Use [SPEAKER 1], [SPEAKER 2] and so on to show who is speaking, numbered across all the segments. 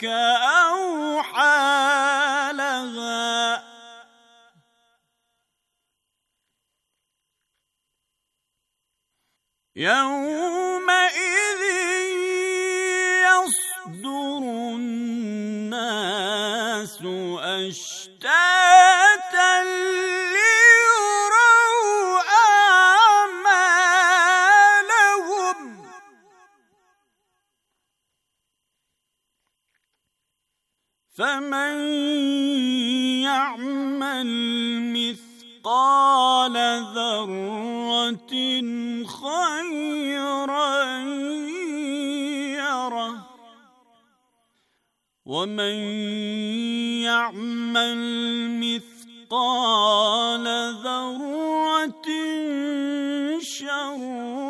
[SPEAKER 1] God. مثقال ذرة خيرا يره ومن يعمل مثقال ذرة شرا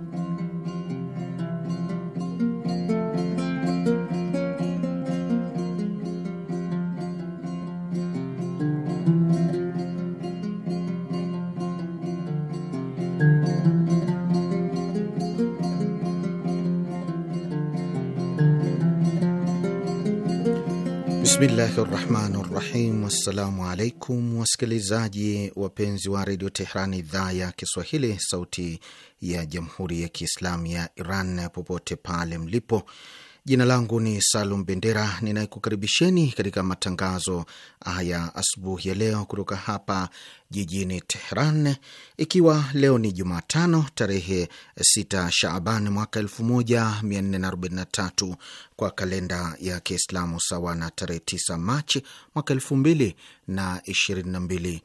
[SPEAKER 2] Bismillahi rahmani rahim. Wassalamu alaikum wasikilizaji wapenzi wa redio Tehrani, idhaa ya Kiswahili, sauti ya jamhuri ya Kiislamu ya Iran, popote pale mlipo Jina langu ni Salum Bendera, ninayekukaribisheni katika matangazo haya asubuhi ya leo kutoka hapa jijini Tehran, ikiwa leo ni Jumatano tarehe 6 Shaaban mwaka 1443 kwa kalenda ya Kiislamu, sawa na tarehe 9 Machi mwaka 2022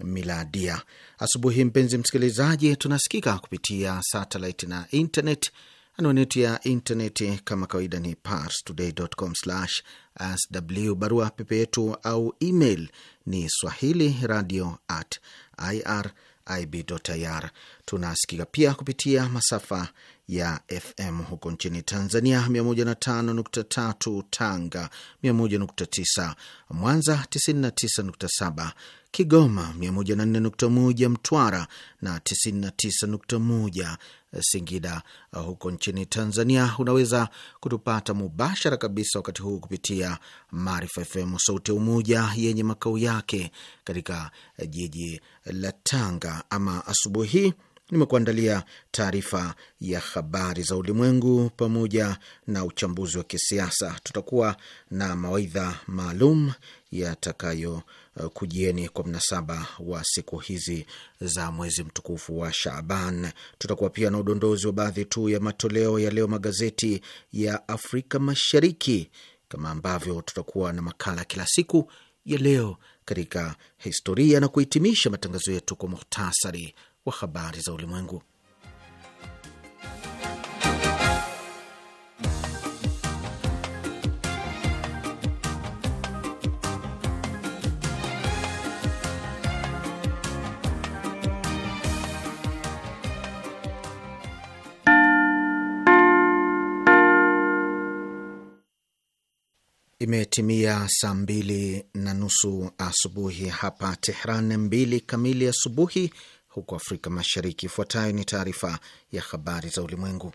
[SPEAKER 2] miladia. Asubuhi mpenzi msikilizaji, tunasikika kupitia satelit na internet Anwani yetu ya intaneti kama kawaida ni parstoday.com/sw. Barua pepe yetu au email ni swahili radio at irib.ir. Tunasikika pia kupitia masafa ya FM huko nchini Tanzania, 105.3 Tanga, 101.9 Mwanza, 99.7 Kigoma, 104.1 Mtwara na 99.1 Singida uh, huko nchini Tanzania. Unaweza kutupata mubashara kabisa wakati huu kupitia Maarifa FM sauti Umoja yenye makao yake katika uh, jiji la Tanga. Ama asubuhi hii nimekuandalia taarifa ya habari za ulimwengu pamoja na uchambuzi wa kisiasa. Tutakuwa na mawaidha maalum yatakayo Eh, kujieni kwa mnasaba wa siku hizi za mwezi mtukufu wa Shaaban. Tutakuwa pia na udondozi wa baadhi tu ya matoleo ya leo magazeti ya Afrika Mashariki, kama ambavyo tutakuwa na makala kila siku ya leo katika historia na kuhitimisha matangazo yetu kwa muhtasari wa habari za ulimwengu. Imetimia saa mbili na nusu asubuhi hapa Tehran, mbili kamili asubuhi huko Afrika Mashariki. Ifuatayo ni taarifa ya habari za ulimwengu,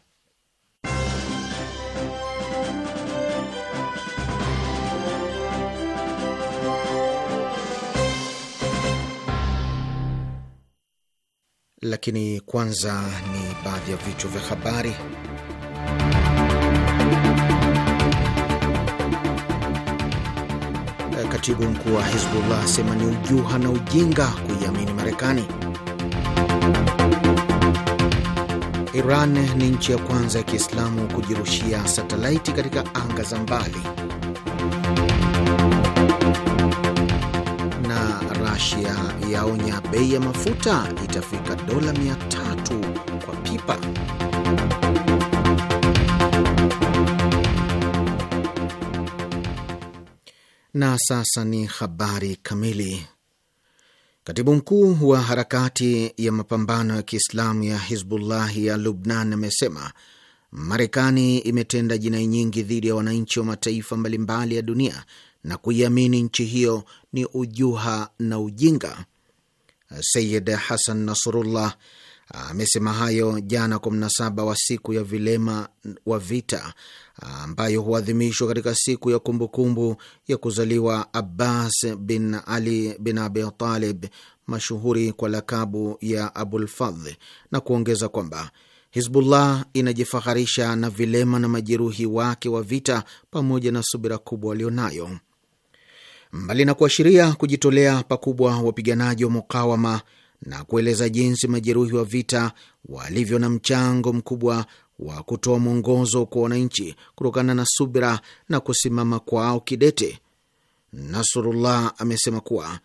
[SPEAKER 2] lakini kwanza ni baadhi ya vichwa vya habari. Katibu mkuu wa Hizbullah asema ni ujuha na ujinga kuiamini Marekani. Iran ni nchi ya kwanza ya Kiislamu kujirushia satelaiti katika anga za mbali. Na Rasia yaonya bei ya mafuta itafika dola mia tatu kwa pipa. Na sasa ni habari kamili. Katibu mkuu wa harakati ya mapambano ya Kiislamu ya Hizbullahi ya Lubnan amesema Marekani imetenda jinai nyingi dhidi ya wananchi wa mataifa mbalimbali ya dunia na kuiamini nchi hiyo ni ujuha na ujinga. Sayid Hasan Nasrullah amesema hayo jana kwa mnasaba wa siku ya vilema wa vita ambayo huadhimishwa katika siku ya kumbukumbu ya kuzaliwa Abbas bin Ali bin Abi Talib, mashuhuri kwa lakabu ya Abulfadhl, na kuongeza kwamba Hizbullah inajifaharisha na vilema na majeruhi wake wa vita pamoja na subira kubwa walionayo. Mbali na kuashiria kujitolea pakubwa wapiganaji wa mukawama na kueleza jinsi majeruhi wa vita walivyo na mchango mkubwa wa kutoa mwongozo kwa wananchi kutokana na subira na kusimama kwao kidete. Nasrullah amesema kuwa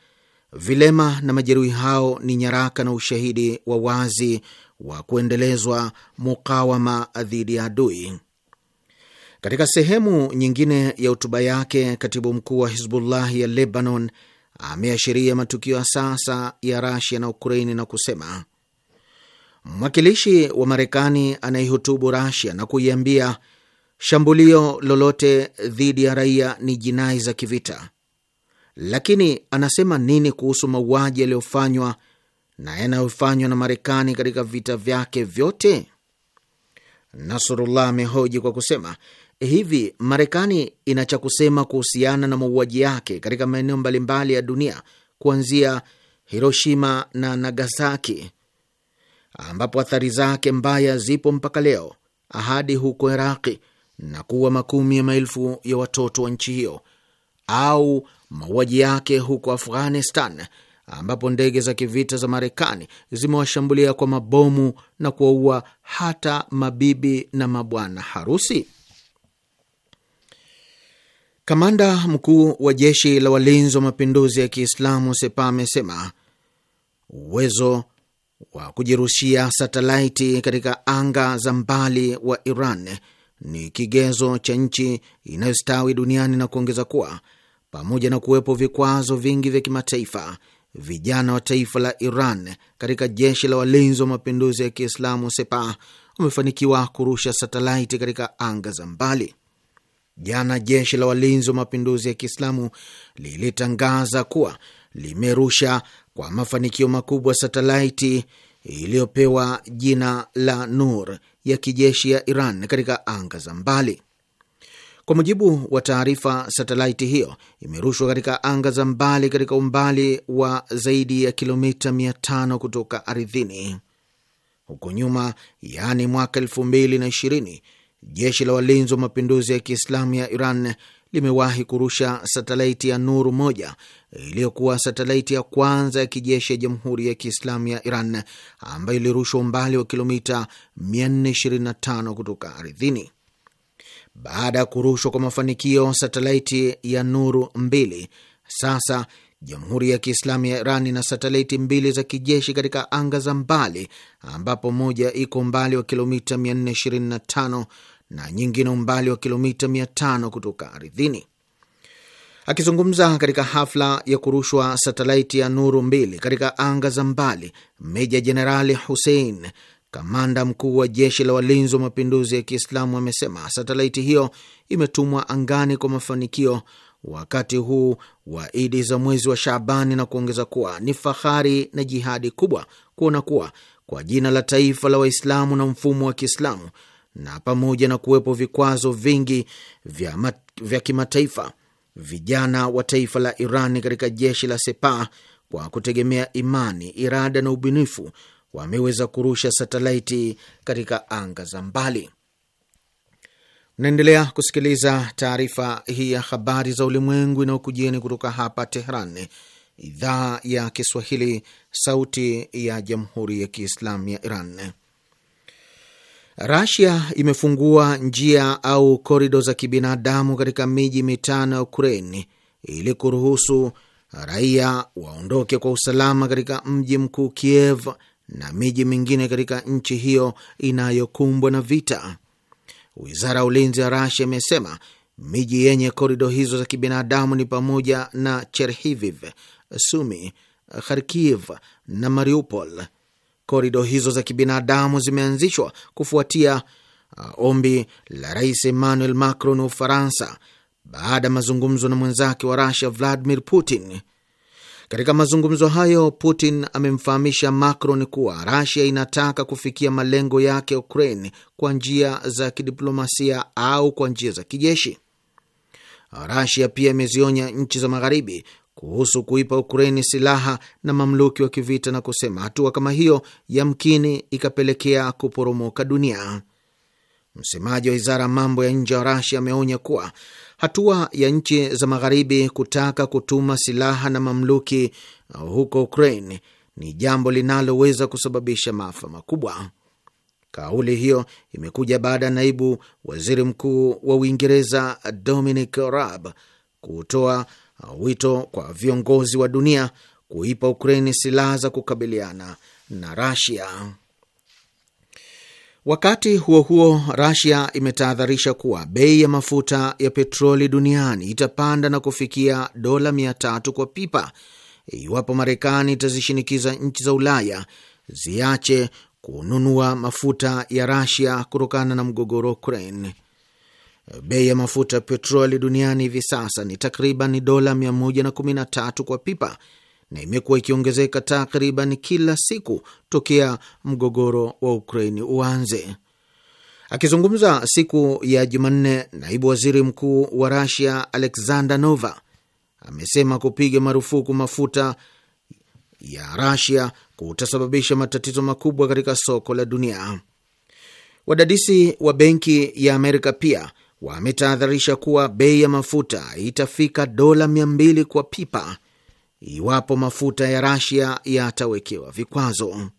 [SPEAKER 2] vilema na majeruhi hao ni nyaraka na ushahidi wa wazi wa kuendelezwa mukawama dhidi ya adui. Katika sehemu nyingine ya hotuba yake, katibu mkuu wa Hizbullahi ya Lebanon ameashiria matukio ya sasa ya Rasia na Ukraini na kusema mwakilishi wa Marekani anayehutubu Rasia na kuiambia shambulio lolote dhidi ya raia ni jinai za kivita, lakini anasema nini kuhusu mauaji yaliyofanywa na yanayofanywa na Marekani katika vita vyake vyote? Nasrullah amehoji kwa kusema Hivi Marekani ina cha kusema kuhusiana na mauaji yake katika maeneo mbalimbali ya dunia kuanzia Hiroshima na Nagasaki, ambapo athari zake mbaya zipo mpaka leo, ahadi huko Iraqi na kuwa makumi ya maelfu ya watoto wa nchi hiyo, au mauaji yake huko Afghanistan, ambapo ndege za kivita za Marekani zimewashambulia kwa mabomu na kuwaua hata mabibi na mabwana harusi. Kamanda mkuu wa jeshi la walinzi wa mapinduzi ya Kiislamu Sepa amesema uwezo wa kujirushia satelaiti katika anga za mbali wa Iran ni kigezo cha nchi inayostawi duniani na kuongeza kuwa pamoja na kuwepo vikwazo vingi vya kimataifa, vijana wa taifa la Iran katika jeshi la walinzi wa mapinduzi ya Kiislamu Sepa wamefanikiwa kurusha satelaiti katika anga za mbali. Jana jeshi la walinzi wa mapinduzi ya Kiislamu lilitangaza kuwa limerusha kwa mafanikio makubwa satelaiti iliyopewa jina la Nur ya kijeshi ya Iran katika anga za mbali. Kwa mujibu wa taarifa, satelaiti hiyo imerushwa katika anga za mbali katika umbali wa zaidi ya kilomita 500 kutoka ardhini. Huko nyuma, yaani mwaka 2020 Jeshi la walinzi wa mapinduzi ya Kiislamu ya Iran limewahi kurusha satelaiti ya Nuru moja iliyokuwa satelaiti ya kwanza ya kijeshi ya Jamhuri ya Kiislamu ya Iran ambayo ilirushwa umbali wa kilomita 425 kutoka ardhini. Baada ya kurushwa kwa mafanikio satelaiti ya Nuru mbili, sasa Jamhuri ya Kiislamu ya Iran ina satelaiti mbili za kijeshi katika anga za mbali, ambapo moja iko umbali wa kilomita 425 na nyingine umbali wa kilomita 500 kutoka ardhini. Akizungumza katika hafla ya kurushwa satelaiti ya Nuru mbili katika anga za mbali, Meja Jenerali Hussein, kamanda mkuu wa jeshi la walinzi wa mapinduzi ya Kiislamu, amesema satelaiti hiyo imetumwa angani kwa mafanikio wakati huu wa Idi za mwezi wa Shaabani na kuongeza kuwa ni fahari na jihadi kubwa kuona kuwa kwa jina la taifa la Waislamu na mfumo wa Kiislamu na pamoja na kuwepo vikwazo vingi vya, vya kimataifa, vijana wa taifa la Iran katika jeshi la Sepah kwa kutegemea imani, irada na ubunifu wameweza kurusha satelaiti katika anga za mbali. Naendelea kusikiliza taarifa hii ya habari za ulimwengu inayokujieni kutoka hapa Tehran, idhaa ya Kiswahili, sauti ya jamhuri ya kiislamu ya Iran. Rasia imefungua njia au korido za kibinadamu katika miji mitano ya Ukraini ili kuruhusu raia waondoke kwa usalama katika mji mkuu Kiev na miji mingine katika nchi hiyo inayokumbwa na vita. Wizara ya ulinzi ya Rasia imesema miji yenye korido hizo za kibinadamu ni pamoja na Cherhiviv, Sumi, Kharkiv na Mariupol korido hizo za kibinadamu zimeanzishwa kufuatia uh, ombi la Rais Emmanuel Macron wa Ufaransa baada ya mazungumzo na mwenzake wa Rusia Vladimir Putin. Katika mazungumzo hayo, Putin amemfahamisha Macron kuwa Rusia inataka kufikia malengo yake Ukraine kwa njia za kidiplomasia au kwa njia za kijeshi. Rusia pia imezionya nchi za Magharibi kuhusu kuipa Ukraini silaha na mamluki wa kivita na kusema hatua kama hiyo yamkini ikapelekea kuporomoka dunia. Msemaji wa wizara ya mambo ya nje wa Rasia ameonya kuwa hatua ya nchi za magharibi kutaka kutuma silaha na mamluki huko Ukraine ni jambo linaloweza kusababisha maafa makubwa. Kauli hiyo imekuja baada ya naibu waziri mkuu wa Uingereza Dominic Raab kutoa wito kwa viongozi wa dunia kuipa Ukraini silaha za kukabiliana na Rasia. Wakati huo huo, Rasia imetahadharisha kuwa bei ya mafuta ya petroli duniani itapanda na kufikia dola mia tatu kwa pipa iwapo Marekani itazishinikiza nchi za Ulaya ziache kununua mafuta ya Rasia kutokana na mgogoro wa Ukraine. Bei ya mafuta ya petroli duniani hivi sasa ni takriban dola 113 kwa pipa na imekuwa ikiongezeka takriban kila siku tokea mgogoro wa Ukraini uanze. Akizungumza siku ya Jumanne, naibu waziri mkuu wa Rasia Alexander Nova amesema kupiga marufuku mafuta ya Rasia kutasababisha matatizo makubwa katika soko la dunia. Wadadisi wa benki ya Amerika pia wametahadharisha kuwa bei ya mafuta itafika dola 200 kwa pipa iwapo mafuta ya Rasia yatawekewa vikwazo.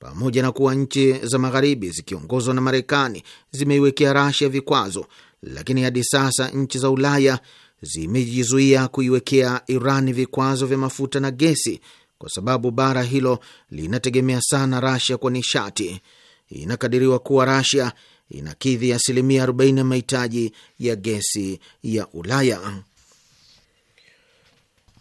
[SPEAKER 2] Pamoja na kuwa nchi za magharibi zikiongozwa na Marekani zimeiwekea Rasia vikwazo, lakini hadi sasa nchi za Ulaya zimejizuia kuiwekea Irani vikwazo vya mafuta na gesi kwa sababu bara hilo linategemea sana Rasia kwa nishati. Inakadiriwa kuwa Rasia inakidhi asilimia 40 ya mahitaji ya gesi ya Ulaya.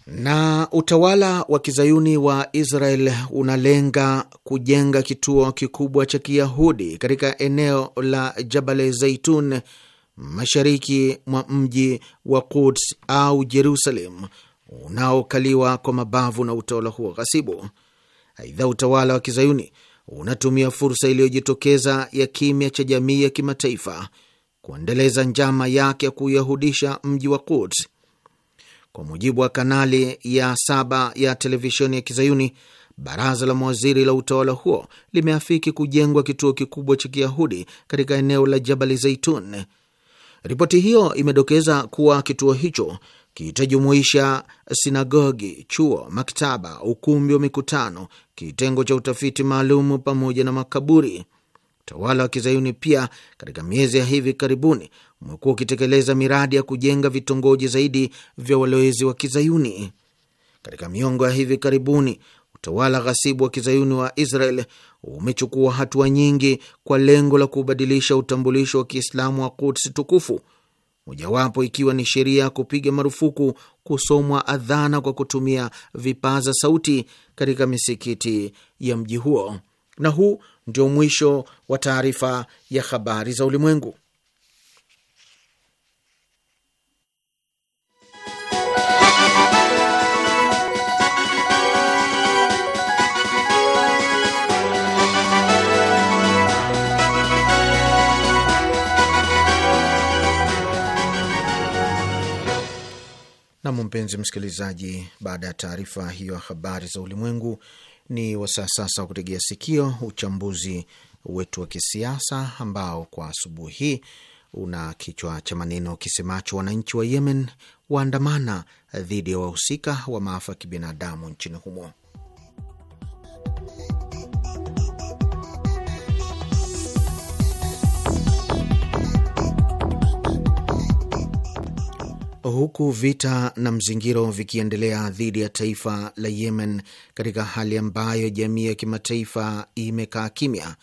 [SPEAKER 2] Na utawala wa kizayuni wa Israel unalenga kujenga kituo kikubwa cha kiyahudi katika eneo la Jabal zeitun mashariki mwa mji wa Quds au Jerusalem unaokaliwa kwa mabavu na utawala huo ghasibu. Aidha, utawala wa kizayuni unatumia fursa iliyojitokeza ya kimya cha jamii ya kimataifa kuendeleza njama yake ya kuyahudisha mji wa Quds. Kwa mujibu wa kanali ya saba ya televisheni ya Kizayuni, baraza la mawaziri la utawala huo limeafiki kujengwa kituo kikubwa cha Kiyahudi katika eneo la Jabali zeitun Ripoti hiyo imedokeza kuwa kituo hicho kitajumuisha sinagogi, chuo, maktaba, ukumbi wa mikutano, kitengo cha utafiti maalum pamoja na makaburi. Utawala wa kizayuni pia katika miezi ya hivi karibuni umekuwa ukitekeleza miradi ya kujenga vitongoji zaidi vya walowezi wa kizayuni. Katika miongo ya hivi karibuni utawala ghasibu wa kizayuni wa Israel umechukua hatua nyingi kwa lengo la kubadilisha utambulisho wa Kiislamu wa Quds tukufu mojawapo ikiwa ni sheria ya kupiga marufuku kusomwa adhana kwa kutumia vipaza sauti katika misikiti ya mji huo. Na huu ndio mwisho wa taarifa ya habari za ulimwengu. Nam, mpenzi msikilizaji, baada ya taarifa hiyo ya habari za ulimwengu, ni wasaa sasa wa kutegea sikio uchambuzi wetu wa kisiasa ambao kwa asubuhi hii una kichwa cha maneno kisemacho wananchi wa Yemen waandamana dhidi ya wahusika wa maafa ya kibinadamu nchini humo. Huku vita na mzingiro vikiendelea dhidi ya taifa la Yemen katika hali ambayo jamii ya kimataifa imekaa kimya,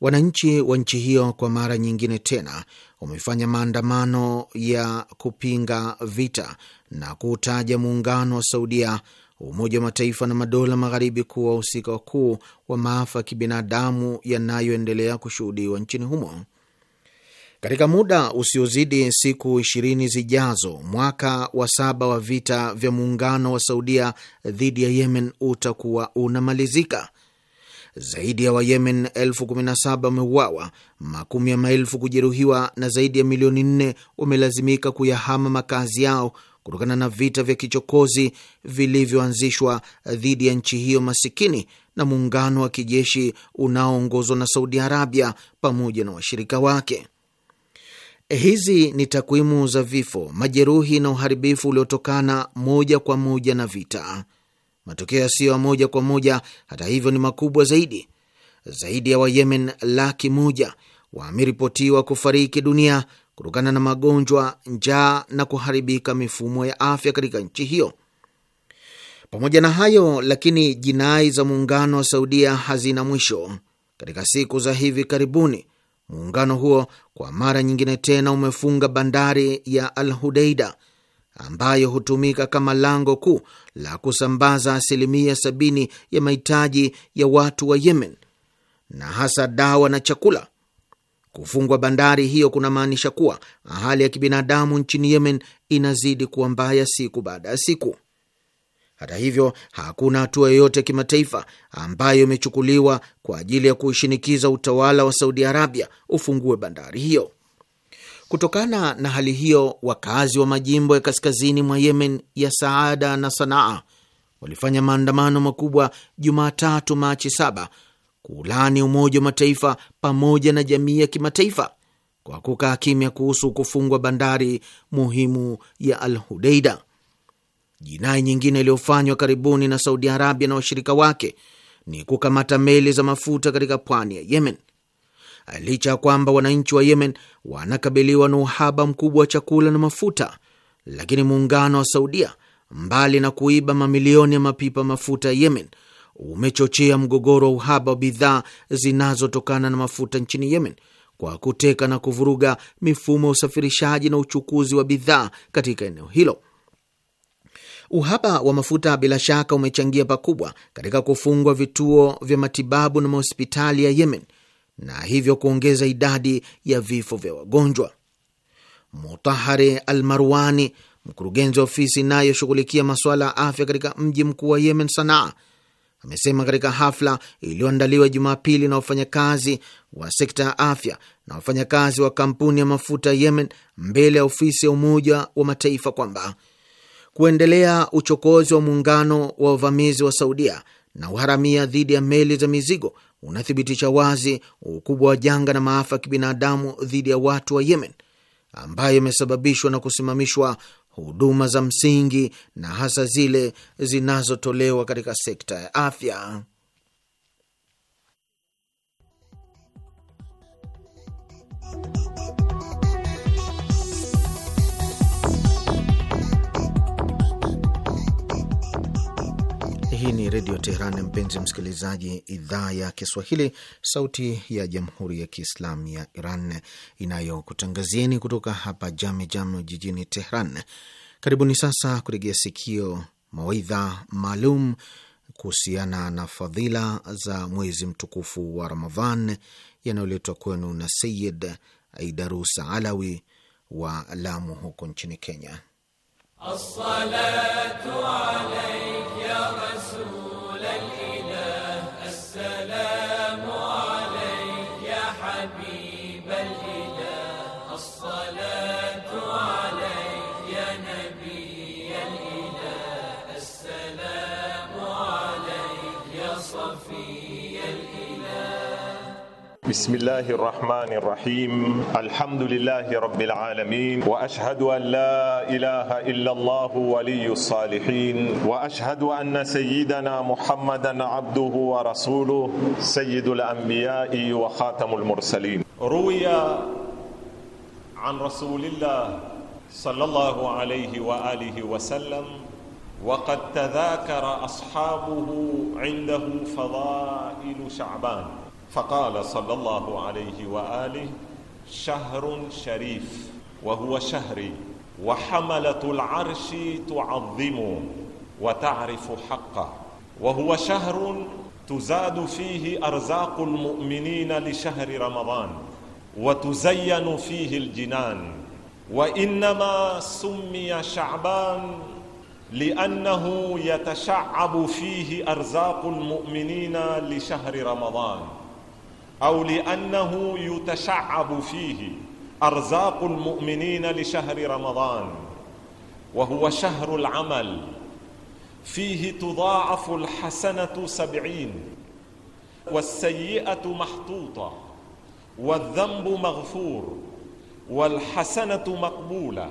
[SPEAKER 2] wananchi wa nchi hiyo kwa mara nyingine tena wamefanya maandamano ya kupinga vita na kuutaja muungano wa Saudia, Umoja wa Mataifa na madola magharibi kuwa wahusika wakuu wa maafa ya kibinadamu yanayoendelea kushuhudiwa nchini humo. Katika muda usiozidi siku ishirini zijazo, mwaka wa saba wa vita vya muungano wa Saudia dhidi ya Yemen utakuwa unamalizika. Zaidi ya Wayemen elfu kumi na saba wameuawa, makumi ya maelfu kujeruhiwa na zaidi ya milioni nne wamelazimika kuyahama makazi yao kutokana na vita vya kichokozi vilivyoanzishwa dhidi ya nchi hiyo masikini na muungano wa kijeshi unaoongozwa na Saudi Arabia pamoja na washirika wake. Hizi ni takwimu za vifo, majeruhi na uharibifu uliotokana moja kwa moja na vita. Matokeo yasiyo ya moja kwa moja, hata hivyo, ni makubwa zaidi. Zaidi ya Wayemen laki moja wameripotiwa kufariki dunia kutokana na magonjwa, njaa na kuharibika mifumo ya afya katika nchi hiyo. Pamoja na hayo lakini, jinai za muungano wa Saudia hazina mwisho. Katika siku za hivi karibuni Muungano huo kwa mara nyingine tena umefunga bandari ya Al Hudeida ambayo hutumika kama lango kuu la kusambaza asilimia sabini ya mahitaji ya watu wa Yemen na hasa dawa na chakula. Kufungwa bandari hiyo kunamaanisha kuwa hali ya kibinadamu nchini Yemen inazidi kuwa mbaya siku baada ya siku. Hata hivyo, hakuna hatua yoyote ya kimataifa ambayo imechukuliwa kwa ajili ya kushinikiza utawala wa Saudi Arabia ufungue bandari hiyo. Kutokana na hali hiyo, wakazi wa majimbo ya kaskazini mwa Yemen ya Saada na Sanaa walifanya maandamano makubwa Jumatatu, Machi 7 kuulani Umoja wa Mataifa pamoja na jamii ya kimataifa kwa kukaa kimya kuhusu kufungwa bandari muhimu ya Al Hudeida. Jinai nyingine iliyofanywa karibuni na Saudi Arabia na washirika wake ni kukamata meli za mafuta katika pwani ya Yemen. Licha ya kwamba wananchi wa Yemen wanakabiliwa na uhaba mkubwa wa chakula na mafuta, lakini muungano wa Saudia, mbali na kuiba mamilioni ya mapipa mafuta ya Yemen, umechochea mgogoro wa uhaba wa bidhaa zinazotokana na mafuta nchini Yemen kwa kuteka na kuvuruga mifumo ya usafirishaji na uchukuzi wa bidhaa katika eneo hilo. Uhaba wa mafuta bila shaka umechangia pakubwa katika kufungwa vituo vya matibabu na mahospitali ya Yemen na hivyo kuongeza idadi ya vifo vya wagonjwa. Mutahari Almarwani, mkurugenzi wa ofisi inayoshughulikia masuala ya afya katika mji mkuu wa Yemen, Sanaa, amesema katika hafla iliyoandaliwa Jumapili na wafanyakazi wa sekta ya afya na wafanyakazi wa kampuni ya mafuta Yemen mbele ya ofisi ya Umoja wa Mataifa kwamba kuendelea uchokozi wa muungano wa uvamizi wa Saudia na uharamia dhidi ya meli za mizigo unathibitisha wazi ukubwa wa janga na maafa ya kibinadamu dhidi ya watu wa Yemen ambayo imesababishwa na kusimamishwa huduma za msingi na hasa zile zinazotolewa katika sekta ya afya. Hii ni Redio Teheran, mpenzi msikilizaji, idhaa ya Kiswahili, sauti ya Jamhuri ya Kiislamu ya Iran inayokutangazieni kutoka hapa Jame Jam jijini Teheran. Karibuni sasa kuregea sikio mawaidha maalum kuhusiana na fadhila za mwezi mtukufu wa Ramadhan yanayoletwa kwenu na Sayid Aidarus Alawi wa Lamu huko nchini Kenya.
[SPEAKER 1] الصلاة عليك يا
[SPEAKER 3] رسول
[SPEAKER 4] بسم الله الرحمن الرحيم الحمد لله رب العالمين واشهد ان لا اله الا الله ولي الصالحين واشهد ان سيدنا محمدا عبده ورسوله سيد الانبياء وخاتم المرسلين روي عن رسول الله صلى الله عليه واله وسلم وقد تذاكر اصحابه عنده فضائل شعبان فقال صلى الله عليه واله شهر شريف وهو شهري وحمله العرش تعظمه وتعرف حقه وهو شهر تزاد فيه ارزاق المؤمنين لشهر رمضان وتزين فيه الجنان وانما سمي شعبان لانه يتشعب فيه ارزاق المؤمنين لشهر رمضان أو لأنه يتشعب فيه أرزاق المؤمنين لشهر رمضان وهو شهر العمل فيه تضاعف الحسنة سبعين والسيئة محطوطة والذنب مغفور والحسنة مقبولة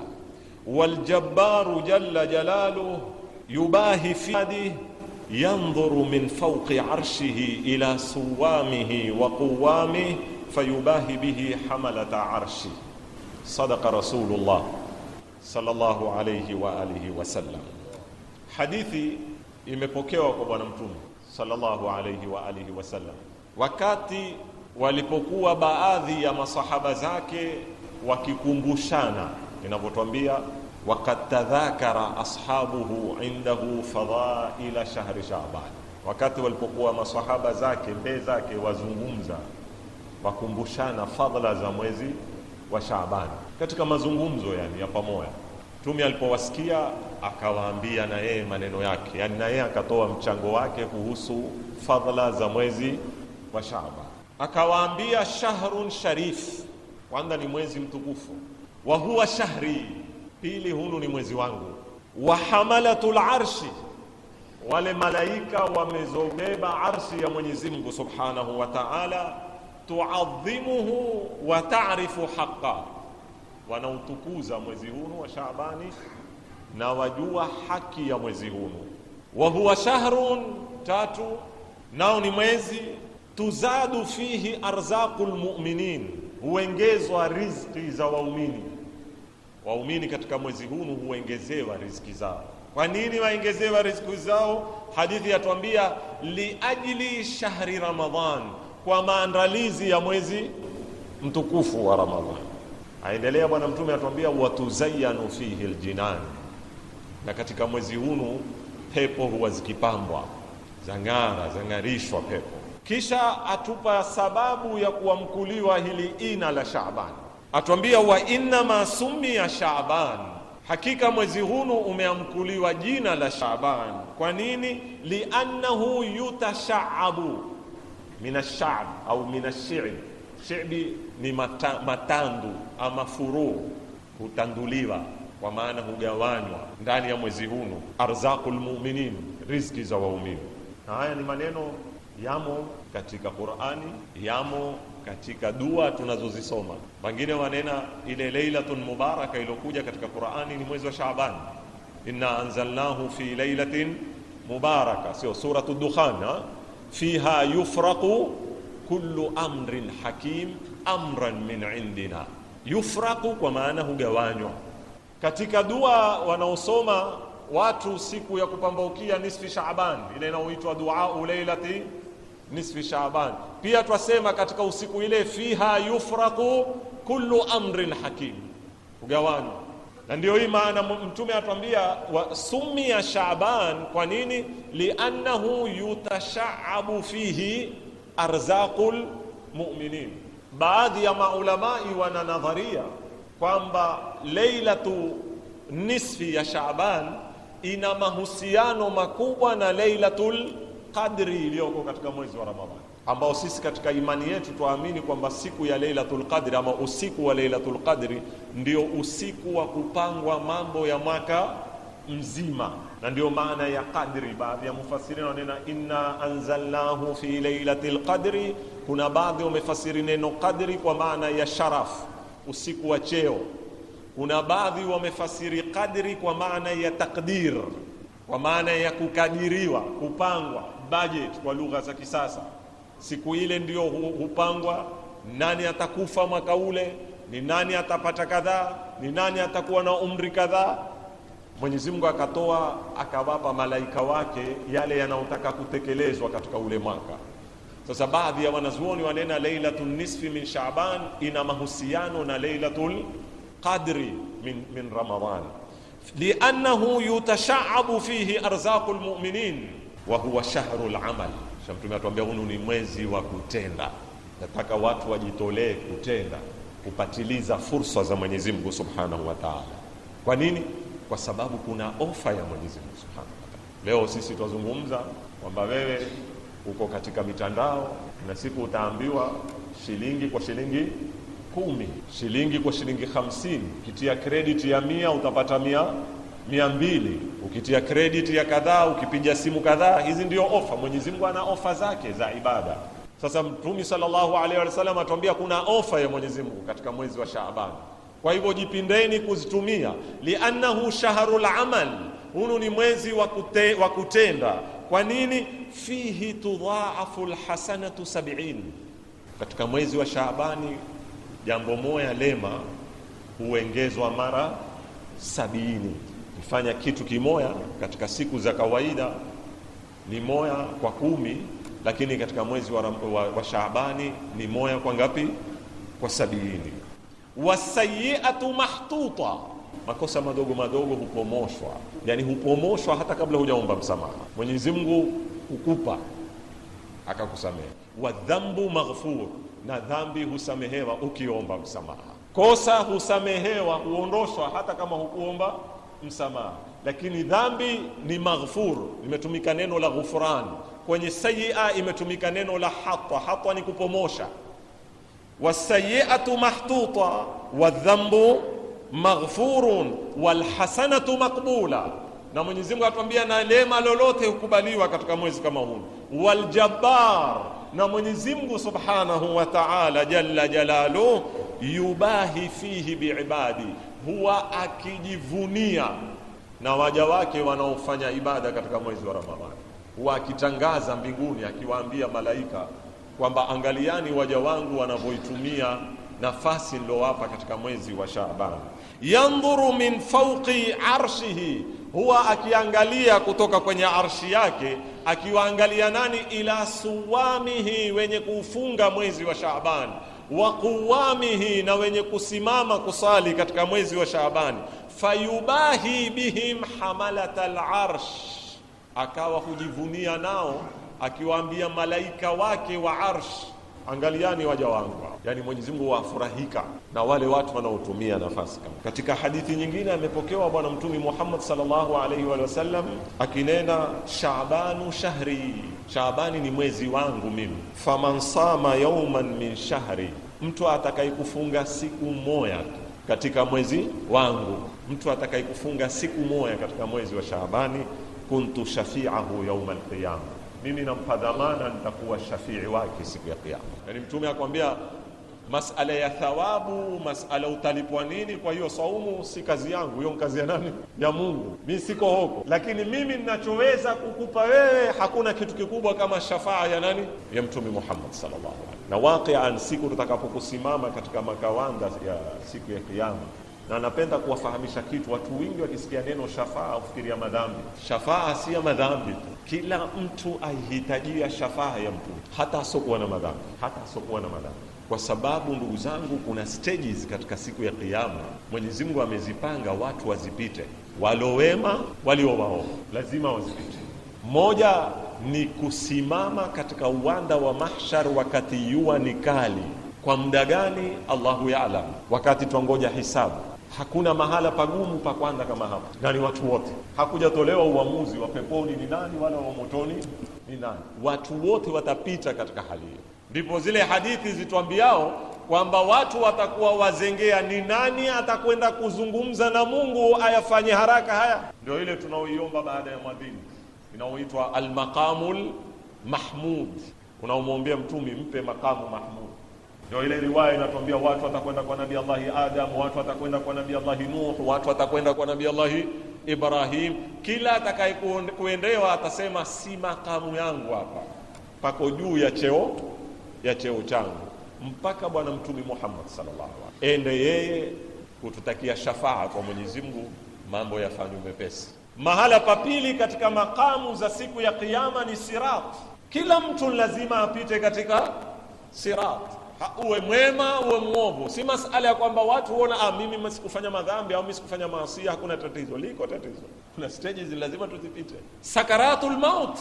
[SPEAKER 4] والجبار جل جلاله يباهي في يده yandhuru min fawqi arshihi ila suwamihi wa quwamihi fayubahi bihi hamalata arshi. Sadaqa Rasulullah sallallahu alayhi wa alihi wasallam. Hadithi imepokewa kwa Bwana Mtume sallallahu alayhi wa alihi wasallam, wakati walipokuwa baadhi ya masahaba zake wakikumbushana, inavyotwambia waqad tadhakara ashabuhu indahu fadhaila shahri Shaaban, wakati walipokuwa masahaba zake mbee zake wazungumza wakumbushana fadhila za mwezi wa Shaaban katika mazungumzo yani ya pamoja. Mtume alipowasikia akawaambia na yeye maneno yake, yani na yeye akatoa mchango wake kuhusu fadhila za mwezi wa Shaaban, akawaambia shahrun sharif, kwanza ni mwezi mtukufu, wa huwa shahri Pili, hunu ni mwezi wangu. Wa hamalatul arshi, wale malaika wamezobeba arshi ya Mwenyezi Mungu subhanahu wa ta'ala. Tuadhimuhu wa ta'rifu haqqa, wanautukuza mwezi huu wa Shaabani na wajua haki ya mwezi hunu. Wa huwa shahrun, tatu nao ni mwezi tuzadu fihi arzaqul mu'minin, huongezwa rizqi za waumini waumini katika mwezi huu huongezewa riziki zao. Kwa nini waongezewa riziki zao? Hadithi yatwambia liajli shahri Ramadhan, kwa maandalizi ya mwezi mtukufu wa Ramadhan. Aendelea Bwana Mtume atwambia watuzayanu fihi ljinani, na katika mwezi huu pepo huwa zikipambwa zang'ara zang'arishwa pepo. Kisha atupa sababu ya kuamkuliwa hili ina la Shaaban Atuambia wa innama summiya Shaaban, hakika mwezi hunu umeamkuliwa jina la Shaaban. Kwa nini? Liannahu yutashaabu min ashab au min ashibi. Shibi ni mata, matandu ama furuu, hutanduliwa kwa maana hugawanywa ndani ya mwezi hunu. Arzaqul mu'minin, riziki za waumini. Haya ni maneno yamo katika Qur'ani, yamo katika dua tunazozisoma. Wengine wanena ile lailatun mubaraka iliyokuja katika Qur'ani ni mwezi wa Shaaban, inna anzalnahu fi lailatin mubaraka, sio suratu Dukhan, fiha yufraqu kullu amrin hakim amran min indina, yufraqu kwa maana hugawanywa. Katika dua wanaosoma watu siku ya kupambaukia nisfi Shaaban, ile inaoitwa duau lailati nisfi Shaaban. Pia twasema katika usiku ile, fiha yufraqu kullu amrin hakim, ugawano. Na ndio hii maana Mtume atwambia summiya Shaaban. Kwa nini? liannahu yutashaabu fihi arzaqul mu'minin. Baadhi ya maulamai wana nadharia kwamba leilatu nisfi ya Shaaban ina mahusiano makubwa na leilatul kadri iliyoko katika mwezi wa Ramadhani, ambao sisi katika imani yetu twaamini kwamba siku ya Lailatul Qadri ama usiku wa Lailatul Qadri ndio usiku wa kupangwa mambo ya mwaka mzima, na ndio maana ya qadri. Baadhi ya mufasiri wanena inna anzalnahu fi lailatil qadri, kuna baadhi wamefasiri neno qadri kwa maana ya sharaf, usiku wa cheo. Kuna baadhi wamefasiri qadri kwa maana ya takdir, kwa maana ya kukadiriwa, kupangwa budget kwa lugha za kisasa. Siku ile ndio hupangwa nani atakufa mwaka ule, ni nani atapata kadhaa, ni nani atakuwa na umri kadhaa. Mwenyezi Mungu akatoa akawapa malaika wake yale yanayotaka kutekelezwa katika ule mwaka. Sasa baadhi ya wanazuoni wanena Lailatul Nisfi min Shaaban ina mahusiano na Lailatul Qadri min, min Ramadhan liannahu yutashaabu fihi arzaqul mu'minin wa huwa shahru lamal. Mtume atuambia hunu ni mwezi wa kutenda. Nataka watu wajitolee kutenda, kupatiliza fursa za Mwenyezi Mungu Subhanahu wa Ta'ala. Kwa nini? Kwa sababu kuna ofa ya Mwenyezi Mungu Subhanahu wa Ta'ala. Leo sisi twazungumza kwamba wewe uko katika mitandao na siku utaambiwa shilingi kwa shilingi kumi, shilingi kwa shilingi hamsini, kitia credit ya mia utapata mia mia mbili ukitia credit ya kadhaa, ukipiga simu kadhaa. Hizi ndio ofa. Mwenyezi Mungu ana ofa zake za ibada. Sasa Mtume sallallahu alaihi wasallam atuambia kuna ofa ya Mwenyezi Mungu katika mwezi wa Shaaban. Kwa hivyo jipindeni kuzitumia, liannahu shahrul amal, hunu ni mwezi wa kute, wa kutenda. Kwa nini? fihi tudhaafu lhasanatu sab'in, katika mwezi wa Shaabani jambo moja lema huengezwa mara sabini kufanya kitu kimoya katika siku za kawaida ni moya kwa kumi, lakini katika mwezi wa, wa, wa Shaabani ni moya kwa ngapi? Kwa sabini. Wasayiatu mahtuta, makosa madogo madogo hupomoshwa, yani hupomoshwa hata kabla hujaomba msamaha. Mwenyezi Mungu hukupa akakusamehe. Wadhambu maghfur, na dhambi husamehewa ukiomba msamaha. Kosa husamehewa, huondoshwa hata kama hukuomba msamaha, lakini dhambi ni maghfur, limetumika neno la ghufran. Kwenye sayia imetumika neno la hata hata ni kupomosha. Wasayiatu mahtuta wadhambu maghfurun walhasanatu maqbula. Na Mwenyezi Mungu atuambia, na lema lolote hukubaliwa katika mwezi kama huu. Waljabbar, na Mwenyezi Mungu subhanahu wa ta'ala jalla jalaluhu yubahi fihi biibadi, huwa akijivunia na waja wake wanaofanya ibada katika mwezi wa Ramadhani, huwa akitangaza mbinguni akiwaambia malaika kwamba angaliani waja wangu wanavyoitumia nafasi niliowapa katika mwezi wa Shaaban. Yandhuru min fauqi arshihi, huwa akiangalia kutoka kwenye arshi yake, akiwaangalia nani? Ila suwamihi, wenye kuufunga mwezi wa Shaaban wa quwamihi, na wenye kusimama kusali katika mwezi wa Shaabani. Fayubahi bihim hamalata al-arsh, akawa hujivunia nao akiwaambia malaika wake wa arsh Angaliani waja wangu, yani Mwenyezi Mungu wafurahika na wale watu wanaotumia nafasi kama. Katika hadithi nyingine amepokewa Bwana Mtume Muhammad sallallahu alaihi wa sallam akinena, Shaabanu shahri, Shaabani ni mwezi wangu mimi, faman sama yauman min shahri, mtu atakayekufunga siku moja tu katika mwezi wangu, mtu atakayekufunga siku moja katika mwezi wa Shaabani, kuntu shafiahu yauma alqiyama mimi nampa dhamana nitakuwa shafii wake siku ya Kiyama. Yani Mtume akwambia masala ya thawabu, masala utalipwa nini. Kwa hiyo saumu si kazi yangu, hiyo kazi ya nani? Ya Mungu. Mi siko huko, lakini mimi ninachoweza kukupa wewe hakuna kitu kikubwa kama shafaa ya nani? Ya Mtume Muhammad sallallahu alaihi wasallam. Na waqian, siku tutakapokusimama katika makawanda ya siku ya Kiyama na napenda kuwafahamisha kitu. Watu wengi wakisikia neno shafaa hufikiria madhambi. Shafaa si ya madhambi tu, kila mtu aihitajia shafaa ya mtu, hata asokuwa na madhambi, hata asokuwa na madhambi, kwa sababu ndugu zangu, kuna stages katika siku ya Kiyama Mwenyezi Mungu amezipanga watu wazipite, walowema, walio waovu, lazima wazipite. Moja ni kusimama katika uwanda wa mahshar wakati yua ni kali. Kwa muda gani? Allahu yaalam. Wakati twangoja hisabu Hakuna mahala pagumu pa kwanza kama hapa, na ni watu wote. Hakujatolewa uamuzi wa peponi ni nani wala wa motoni ni nani. Watu wote watapita katika hali hiyo. Ndipo zile hadithi zitwambiao kwamba watu watakuwa wazengea, ni nani atakwenda kuzungumza na Mungu ayafanye haraka haya. Ndio ile tunaoiomba baada ya mwadhini inaoitwa almaqamul mahmud, unaomwombea Mtume mpe makamu mahmud ndio ile riwaya inatuambia watu watakwenda kwa nabii Allahi Adam, watu watakwenda kwa nabii Allahi Nuh, watu watakwenda kwa nabii Allahi Ibrahim. Kila kuendewa atasema si makamu yangu hapa, pako juu ya cheo ya cheo changu, mpaka Bwana Mtume Muhammad sallallahu alaihi wasallam ende yeye kututakia shafaa kwa Mwenyezi Mungu, mambo yafanywe mepesi. Mahala pa pili katika makamu za siku ya Kiyama ni sirat. Kila mtu lazima apite katika sirat uwe mwema uwe mwovu. Si masala ya kwamba watu huona ah, mimi sikufanya madhambi au mimi sikufanya maasi, hakuna tatizo. Liko tatizo, kuna stages lazima tuzipite. Sakaratul maut,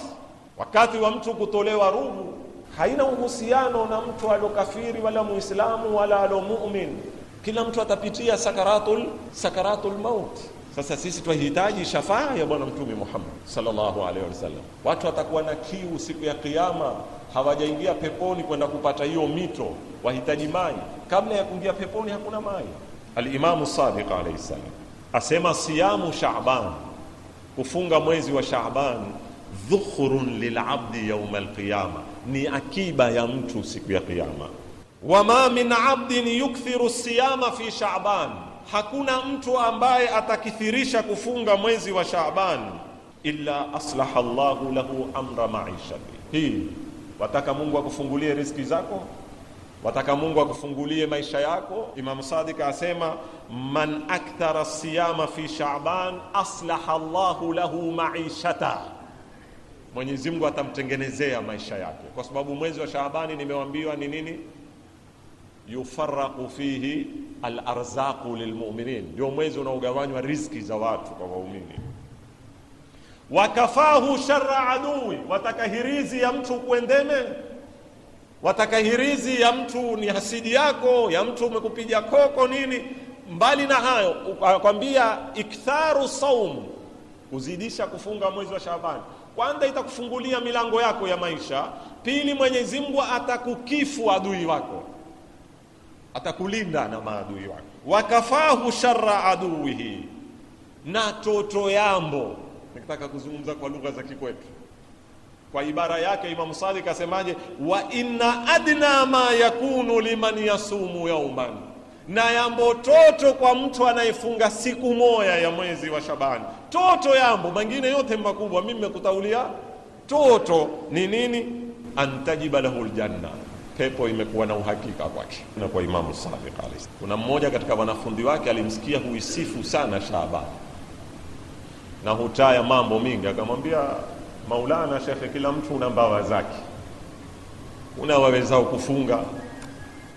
[SPEAKER 4] wakati wa mtu kutolewa ruhu, haina uhusiano na mtu alokafiri wala muislamu wala alomumin. Kila mtu atapitia sakaratul sakaratul maut. Sasa sisi twahitaji shafaa ya Bwana Mtume Muhammad sallallahu alaihi wasallam. Watu watakuwa na kiu siku ya Kiyama hawajaingia peponi kwenda kupata hiyo mito, wahitaji maji. Kabla ya kuingia peponi hakuna maji. Alimamu Sadiq alayhi salam asema siyamu Shaaban, kufunga mwezi wa Shaaban, dhukhrun lilabdi yauma alqiyama, ni akiba ya mtu siku ya Kiyama. Wama min abdin yukthiru siyama fi Shaaban, hakuna mtu ambaye atakithirisha kufunga mwezi wa Shaaban illa aslaha Allahu lahu amra maishati hii Wataka Mungu akufungulie wa riziki zako, wataka Mungu akufungulie wa maisha yako. Imamu Sadiq asema man akthara siyama fi Shaaban aslaha Allahu lahu maishata, Mwenyezi Mungu atamtengenezea maisha yake, kwa sababu mwezi wa Shaabani nimewambiwa ni nini? yufaraqu fihi alarzaqu lilmuminin, ndio mwezi unaogawanywa riziki za watu kwa waumini wakafahu sharra adui, wataka hirizi ya mtu kuendeme, wataka hirizi ya mtu ni hasidi yako, ya mtu umekupiga koko nini. Mbali na hayo, akwambia iktharu saum, kuzidisha kufunga mwezi wa shaaban Kwanza itakufungulia milango yako ya maisha, pili Mwenyezi Mungu atakukifu adui wako, atakulinda na maadui wako. Wakafahu sharra aduihi, na toto yambo nikitaka kuzungumza kwa lugha za kikwetu kwa ibara yake Imam Sadiq asemaje, wa inna adna ma yakunu liman yasumu yauman, na yambo toto kwa mtu anayefunga siku moja ya mwezi wa Shabani. Toto yambo mengine yote makubwa, mimi nimekutaulia toto ni nini? antajiba lahu ljanna, pepo imekuwa na uhakika kwake. Na kwa Imamu Sadiq alayhi, kuna mmoja katika wanafunzi wake alimsikia huisifu sana shaban na hutaya mambo mingi. Akamwambia Maulana shekhe, kila mtu una mbawa zake, unawawezao kufunga,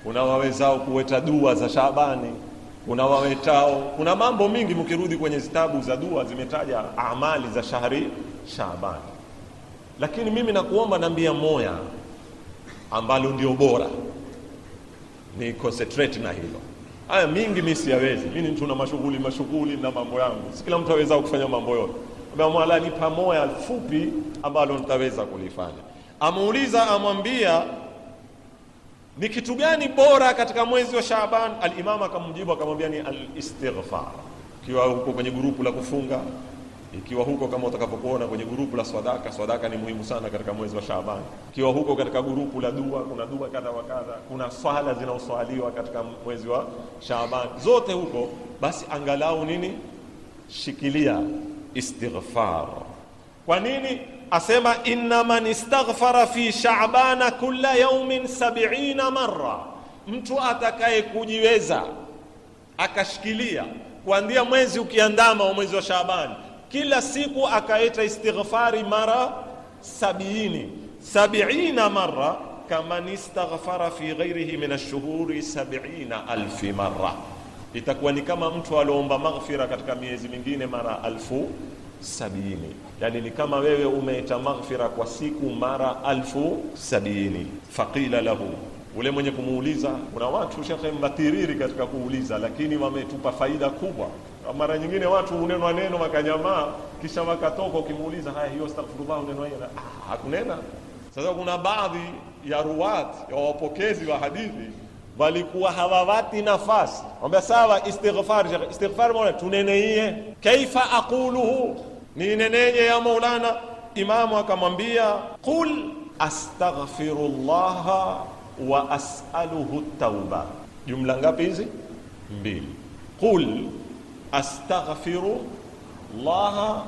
[SPEAKER 4] unawawezao kuweta dua za Shabani, unawawetao wawetao, kuna mambo mingi. Mkirudi kwenye zitabu za dua zimetaja amali za shahri Shabani, lakini mimi nakuomba nambia moya ambalo ndio bora, ni concentrate na hilo Haya mingi mimi siyawezi, mimi ni mtu na mashughuli mashughuli na mambo yangu, si kila mtu aweza kufanya mambo yote. Mola ni moya fupi ambalo nitaweza kulifanya. Amuuliza, amwambia ni kitu gani bora katika mwezi wa Shaaban? Al-Imam akamjibu akamwambia ni al-istighfar. Ukiwa huko kwenye grupu la kufunga ikiwa huko kama utakapokuona kwenye gurupu la swadaka, swadaka ni muhimu sana katika mwezi wa Shaaban. Ikiwa huko katika gurupu la dua, kuna dua kadha wa kadha, kuna swala zinaoswaliwa katika mwezi wa Shaaban, zote huko. Basi angalau nini, shikilia istighfar. Kwa nini? Asema inna man istaghfara fi shaabana kulla yawmin sab'ina marra, mtu atakaye kujiweza akashikilia kuanzia mwezi ukiandama wa mwezi wa Shaaban kila siku akaita istighfari mara sabiini sabiina mara kaman istaghfara fi ghairihi min ash-shuhuri sabiina alfi mara, itakuwa ni kama mtu aliomba maghfira katika miezi mingine mara alfu sabiini. Yani ni kama wewe umeita maghfira kwa siku mara alfu sabiini. Faqila lahu ule mwenye kumuuliza. Kuna watu shekhe mbatiriri katika kuuliza, lakini wametupa faida kubwa. Mara nyingine watu unenwa neno wakanyamaa, kisha wakatoka, ukimuuliza haya, hiyo astaghfirullah, unenwa hiyo ah, hakunena. Sasa kuna baadhi ya ruwat ya wapokezi wa hadithi walikuwa hawawati nafasi, wambia sawa, istighfar shekhe, istighfar mwana tuneneie, kaifa aquluhu, ni neneye ya Maulana. Imamu akamwambia qul astaghfirullah wa as'aluhu tauba. Jumla ngapi hizi? Mbili. Qul astaghfiru llaha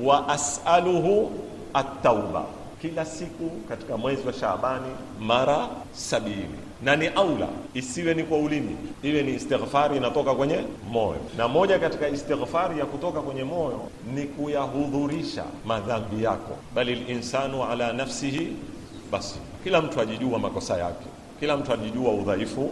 [SPEAKER 4] wa as'aluhu at-tauba, kila siku katika mwezi wa Shaabani mara sabini na ni aula isiwe ni kwa ulimi, iwe ni istighfari inatoka kwenye moyo. Na moja katika istighfari ya kutoka kwenye moyo ni kuyahudhurisha madhambi yako, bali linsanu ala nafsihi basi kila mtu ajijua makosa yake, kila mtu ajijua udhaifu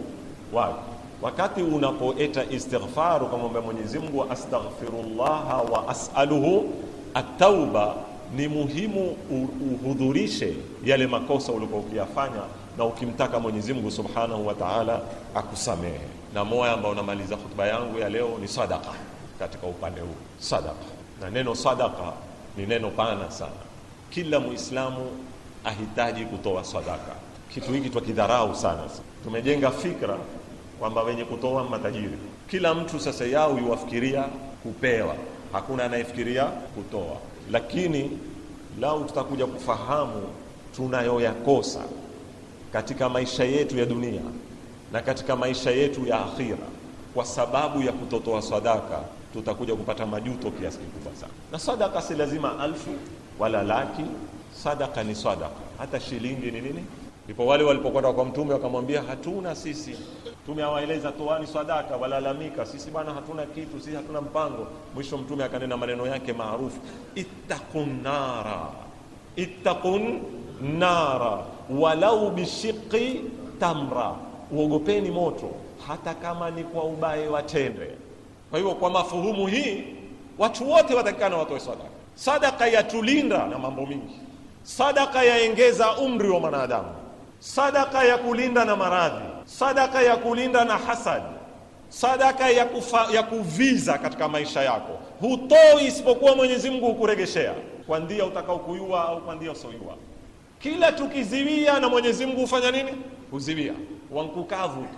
[SPEAKER 4] wake. Wakati unapoeta istighfaru kamwambia Mwenyezi Mungu astaghfirullah wa asaluhu atauba, ni muhimu uhudhurishe yale makosa uliokuwa ukiyafanya na ukimtaka Mwenyezi Mungu Subhanahu wa Ta'ala akusamehe. Na moya ambao unamaliza hotuba yangu ya leo ni sadaka, katika upande huu sadaka. Na neno sadaka ni neno pana sana, kila Muislamu ahitaji kutoa sadaka. Kitu hiki kidharau sana. Tumejenga fikra kwamba wenye kutoa matajiri. Kila mtu sasa yao yuwafikiria kupewa, hakuna anayefikiria kutoa. Lakini lau tutakuja kufahamu tunayoyakosa katika maisha yetu ya dunia na katika maisha yetu ya akhira kwa sababu ya kutotoa sadaka, tutakuja kupata majuto kiasi kikubwa sana. Na sadaka si lazima alfu wala laki sadaka ni sadaka, hata shilingi ni nini. Ndipo wale walipokwenda kwa mtume wakamwambia, hatuna sisi. Mtume awaeleza toani sadaka, walalamika, sisi bwana hatuna kitu, sisi hatuna mpango. Mwisho mtume akanena maneno yake maarufu, ittaqun nara, ittaqun nara walau bishiqi tamra, uogopeni moto hata kama ni kwa ubaye watende. Kwa hivyo kwa mafuhumu hii watu wote watakikana watoe sadaka. Sadaka yatulinda na mambo mingi sadaka yaengeza umri wa mwanadamu, sadaka ya kulinda na maradhi, sadaka ya kulinda na hasad, sadaka ya, kufa, ya kuviza katika maisha yako. Hutoi isipokuwa Mwenyezi Mungu hukuregeshea kwa ndia utakaokuyua au kwa ndia usioyua. Kila tukiziwia na Mwenyezi Mungu hufanya nini? Huziwia wankukavu tu,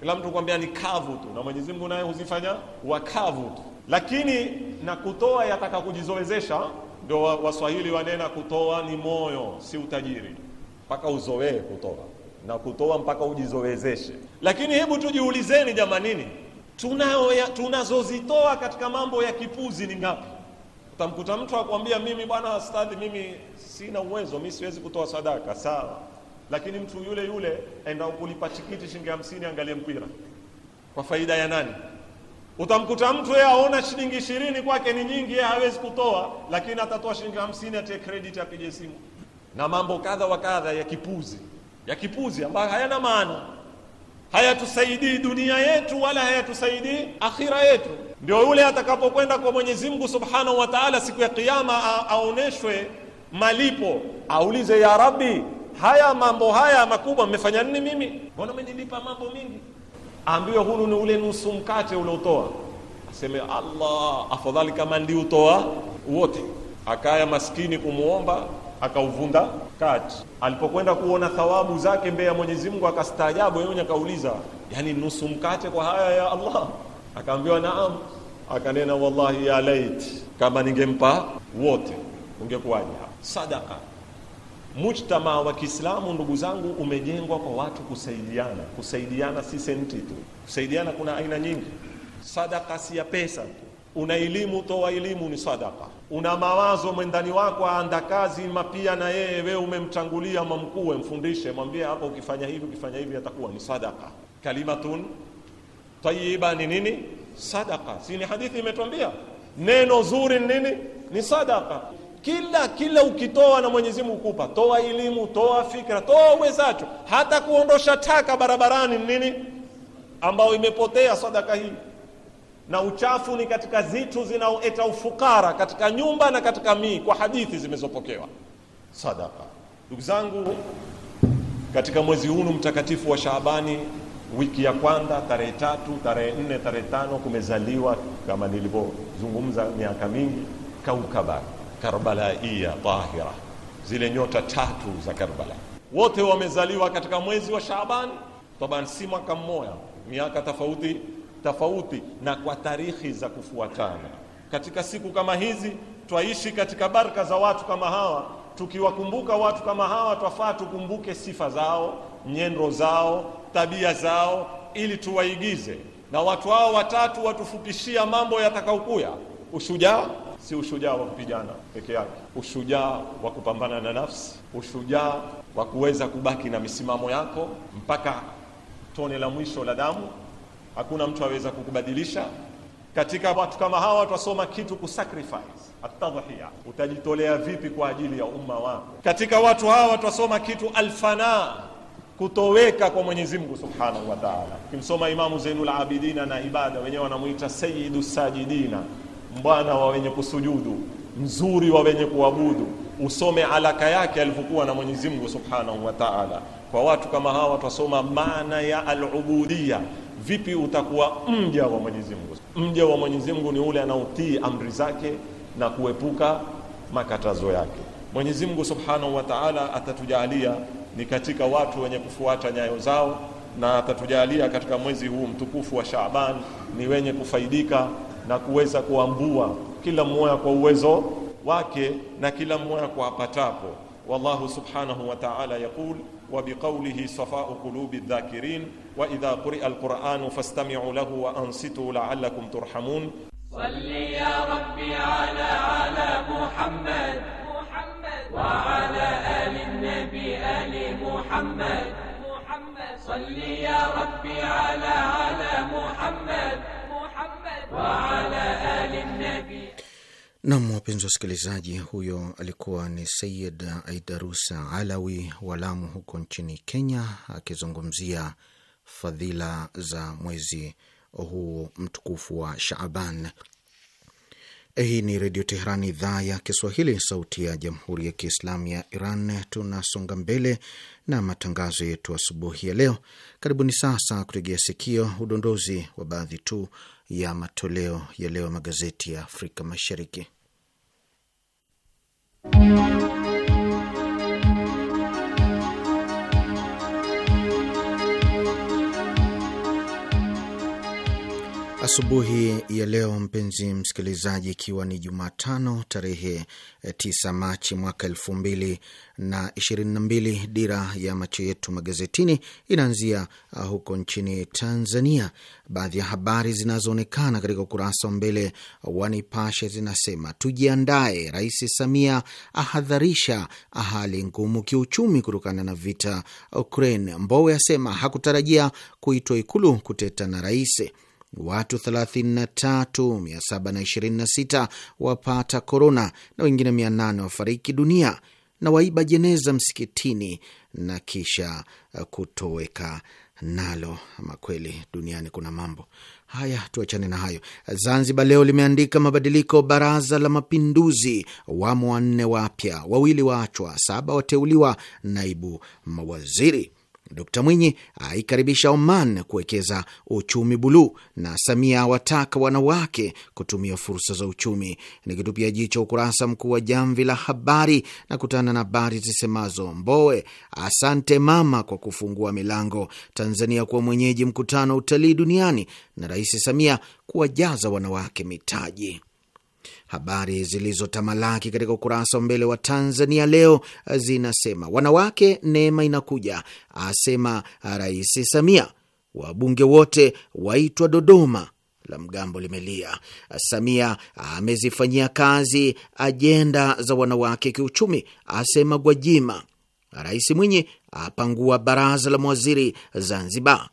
[SPEAKER 4] kila mtu kwambia ni kavu tu, na Mwenyezi Mungu naye huzifanya wakavu tu, lakini na kutoa yataka kujizowezesha ndio Waswahili wanena kutoa ni moyo, si utajiri, mpaka uzoee kutoa na kutoa mpaka ujizowezeshe Lakini hebu tujiulizeni jamanini, tunazozitoa katika mambo ya kipuzi ni ngapi? Utamkuta mtu akwambia, mimi bwana astadhi, mimi sina uwezo, mimi siwezi kutoa sadaka. Sawa, lakini mtu yule yule enda kulipa tikiti shilingi hamsini, angalie mpira kwa faida ya nani? Utamkuta mtu yeye aona shilingi ishirini kwake ni nyingi, yeye hawezi kutoa, lakini atatoa shilingi hamsini, atie credit, apige simu na mambo kadha wa kadha ya kipuzi ya kipuzi ambayo hayana maana, hayatusaidii dunia yetu wala hayatusaidii akhira yetu. Ndio yule atakapokwenda kwa Mwenyezi Mungu Subhanahu wa Ta'ala siku ya Kiyama aoneshwe malipo, aulize ya Rabbi, haya mambo haya makubwa mmefanya nini mimi? Mbona mmenilipa mambo mingi? aambiwe hunu ni ule nusu mkate uliotoa, aseme Allah, afadhali kama ndi utoa wote. Akaya maskini kumwomba akauvunda kati. Alipokwenda kuona thawabu zake mbele ya Mwenyezi Mungu akastaajabu, yeye akauliza, yani nusu mkate kwa haya ya Allah? Akaambiwa naam. Akanena wallahi ya lait, kama ningempa wote ungekuwaje? Sadaka. Mujtama wa Kiislamu ndugu zangu, umejengwa kwa watu kusaidiana. Kusaidiana si senti tu, kusaidiana kuna aina nyingi. Sadaka si ya pesa tu. Una elimu, toa elimu, ni sadaka. Una mawazo, mwendani wako aanda kazi mapia, na yeye wewe umemtangulia mamkuu, mfundishe, mwambie hapa, ukifanya hivi, ukifanya hivi, atakuwa ni sadaka. Kalimatun tayyiba ni nini? Sadaka. Si ni hadithi imetwambia neno zuri ni nini? Ni sadaka kila kila ukitoa na Mwenyezi Mungu kupa. Toa elimu, toa fikra, toa uwezacho, hata kuondosha taka barabarani nini, ambayo imepotea sadaka hii. Na uchafu ni katika zitu zinaoeta ufukara katika nyumba na katika mii, kwa hadithi zimezopokewa sadaka. Ndugu zangu, katika mwezi huu mtakatifu wa Shaabani, wiki ya kwanza, tarehe tatu, tarehe nne, tarehe tano, kumezaliwa kama nilivyozungumza miaka mingi Kaukabani karbalaia tahira, zile nyota tatu za Karbala. Wote wamezaliwa katika mwezi wa Shaaban taban, si mwaka mmoja, miaka tofauti tofauti, na kwa tarikhi za kufuatana. Katika siku kama hizi twaishi katika baraka za watu kama hawa. Tukiwakumbuka watu kama hawa, twafaa tukumbuke sifa zao, nyendo zao, tabia zao, ili tuwaigize na watu hao watatu watufupishia mambo yatakaokuya: ushujaa si ushujaa wa kupigana peke yake, ushujaa wa kupambana na nafsi, ushujaa wa kuweza kubaki na misimamo yako mpaka tone la mwisho la damu. Hakuna mtu aweza kukubadilisha. Katika watu kama hawa twasoma kitu sacrifice atadhiya, utajitolea vipi kwa ajili ya umma wako. Katika watu hawa twasoma kitu alfana, kutoweka kwa Mwenyezi Mungu Subhanahu wa Ta'ala. Kimsoma Imamu Zainul Abidina na ibada wenyewe wanamuita Sayyidu Sajidina mbwana wa wenye kusujudu, mzuri wa wenye kuabudu, usome alaka yake alivyokuwa na Mwenyezi Mungu Subhanahu wa Ta'ala. Kwa watu kama hawa watasoma maana ya al-ubudiyya, vipi utakuwa mja wa Mwenyezi Mungu? Mja wa Mwenyezi Mungu ni ule anaotii amri zake na kuepuka makatazo yake. Mwenyezi Mungu Subhanahu wa Ta'ala atatujalia ni katika watu wenye kufuata nyayo zao na atatujalia katika mwezi huu mtukufu wa Shaaban ni wenye kufaidika na kuweza kuambua kila mmoja kwa uwezo wake na kila mmoja kwa apatapo wallahu subhanahu wa ta'ala yaqul وبقوله صفاء قلوب الذاكرين وإذا قرئ القرآن فاستمعوا له وأنصتوا لعلكم ترحمون
[SPEAKER 3] صل يا ربي على على محمد محمد وعلى آل النبي آل محمد
[SPEAKER 5] محمد صل يا ربي على على محمد
[SPEAKER 2] Nam, wapenzi wa wasikilizaji, huyo alikuwa ni Sayid Aidarusa Alawi wa Lamu huko nchini Kenya, akizungumzia fadhila za mwezi huu mtukufu wa Shaaban. Hii ni Redio Teheran, idhaa ya Kiswahili, sauti ya Jamhuri ya Kiislamu ya Iran. Tunasonga mbele na matangazo yetu asubuhi ya leo. Karibuni sasa kutegea sikio udondozi wa baadhi tu ya matoleo ya leo magazeti ya Afrika Mashariki. Asubuhi ya leo mpenzi msikilizaji, ikiwa ni Jumatano tarehe 9 eh, Machi mwaka elfu mbili na ishirini na mbili, dira ya macho yetu magazetini inaanzia ah, huko nchini Tanzania. Baadhi ya habari zinazoonekana katika ukurasa wa mbele wa Nipashe zinasema tujiandae, Rais Samia ahadharisha hali ngumu kiuchumi kutokana na vita Ukraine. Mbowe asema hakutarajia kuitwa Ikulu kuteta na rais watu 33726 wapata korona na wengine 800 wafariki dunia, na waiba jeneza msikitini na kisha uh, kutoweka nalo. Ama kweli duniani kuna mambo haya. Tuachane na hayo. Zanzibar Leo limeandika mabadiliko baraza la mapinduzi, wamo wanne wapya, wawili waachwa, saba wateuliwa naibu mawaziri Dkt Mwinyi aikaribisha Oman kuwekeza uchumi buluu, na Samia awataka wanawake kutumia fursa za uchumi. ni kitupia jicho ukurasa mkuu wa Jamvi la Habari na kutana na habari zisemazo: Mbowe, asante mama kwa kufungua milango, Tanzania kuwa mwenyeji mkutano wa utalii duniani, na Rais Samia kuwajaza wanawake mitaji. Habari zilizotamalaki katika ukurasa wa mbele wa Tanzania Leo eh, zinasema wanawake, neema inakuja, asema eh, Rais Samia, wabunge wote waitwa Dodoma, la mgambo limelia. Eh, Samia amezifanyia kazi ajenda za wanawake kiuchumi, asema Gwajima. Rais Mwinyi apangua baraza la mawaziri Zanzibar.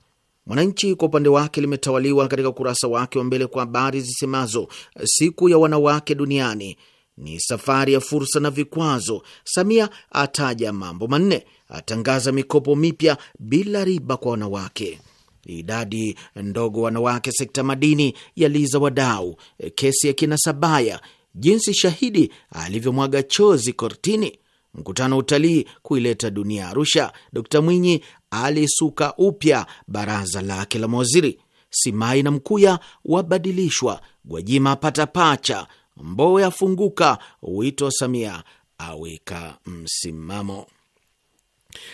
[SPEAKER 2] Mwananchi kwa upande wake limetawaliwa katika ukurasa wake wa mbele kwa habari zisemazo siku ya wanawake duniani ni safari ya fursa na vikwazo. Samia ataja mambo manne, atangaza mikopo mipya bila riba kwa wanawake. Idadi ndogo wanawake sekta madini yaliza wadau. Kesi ya kina Sabaya, jinsi shahidi alivyomwaga chozi kortini. Mkutano wa utalii kuileta dunia Arusha, Dkt Mwinyi alisuka upya baraza lake la mawaziri. Simai na Mkuya wabadilishwa, Gwajima apata pacha, Mboya afunguka, wito wa Samia aweka msimamo.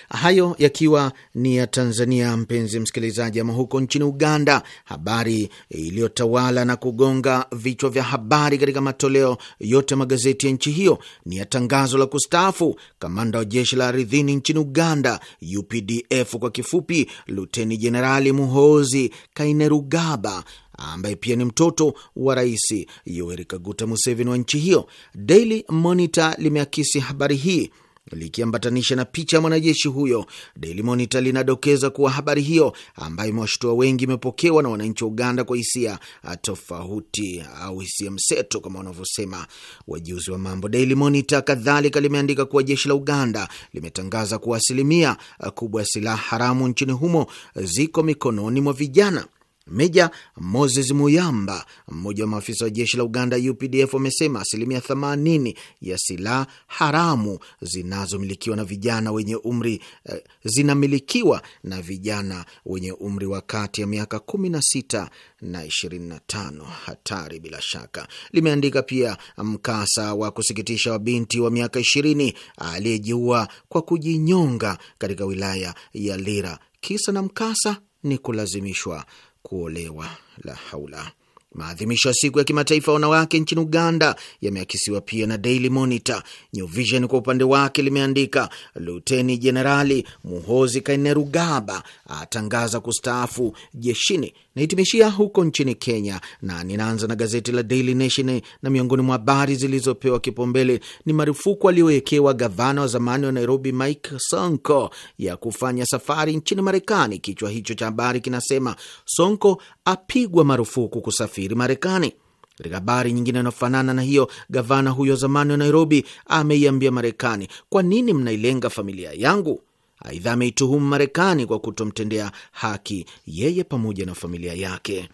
[SPEAKER 2] Hayo yakiwa ni ya Tanzania, mpenzi msikilizaji. Ama huko nchini Uganda, habari iliyotawala na kugonga vichwa vya habari katika matoleo yote magazeti ya nchi hiyo ni ya tangazo la kustaafu kamanda wa jeshi la ardhini nchini Uganda, UPDF kwa kifupi, Luteni Jenerali Muhoozi Kainerugaba ambaye pia ni mtoto wa Rais Yoweri Kaguta Museveni wa nchi hiyo. Daily Monitor limeakisi habari hii likiambatanisha na picha ya mwanajeshi huyo. Daily Monitor linadokeza kuwa habari hiyo ambayo imewashutua wengi imepokewa na wananchi wa Uganda kwa hisia tofauti au hisia mseto kama wanavyosema wajuzi wa mambo. Daily Monitor kadhalika limeandika kuwa jeshi la Uganda limetangaza kuwa asilimia kubwa ya silaha haramu nchini humo ziko mikononi mwa vijana. Meja Moses Muyamba, mmoja wa maafisa wa jeshi la Uganda UPDF, amesema asilimia 80 ya silaha haramu zinazomilikiwa na vijana wenye umri eh, zinamilikiwa na vijana wenye umri wa kati ya miaka 16 na 25. Hatari bila shaka. Limeandika pia mkasa wa kusikitisha wa binti wa miaka 20 aliyejiua kwa kujinyonga katika wilaya ya Lira. Kisa na mkasa ni kulazimishwa kuolewa. La haula. Maadhimisho ya siku ya kimataifa ya wanawake nchini Uganda yameakisiwa pia na Daily Monitor. New Vision kwa upande wake limeandika Luteni Jenerali Muhozi Kainerugaba atangaza kustaafu jeshini Nahitimishia huko nchini Kenya na ninaanza na gazeti la Daily Nation, na miongoni mwa habari zilizopewa kipaumbele ni marufuku aliyowekewa gavana wa zamani wa Nairobi Mike Sonko ya kufanya safari nchini Marekani. Kichwa hicho cha habari kinasema Sonko apigwa marufuku kusafiri Marekani. Katika habari nyingine inayofanana na hiyo, gavana huyo zamani wa Nairobi ameiambia Marekani, kwa nini mnailenga familia yangu? Aidha, ameituhumu Marekani kwa kutomtendea haki yeye pamoja na familia yake.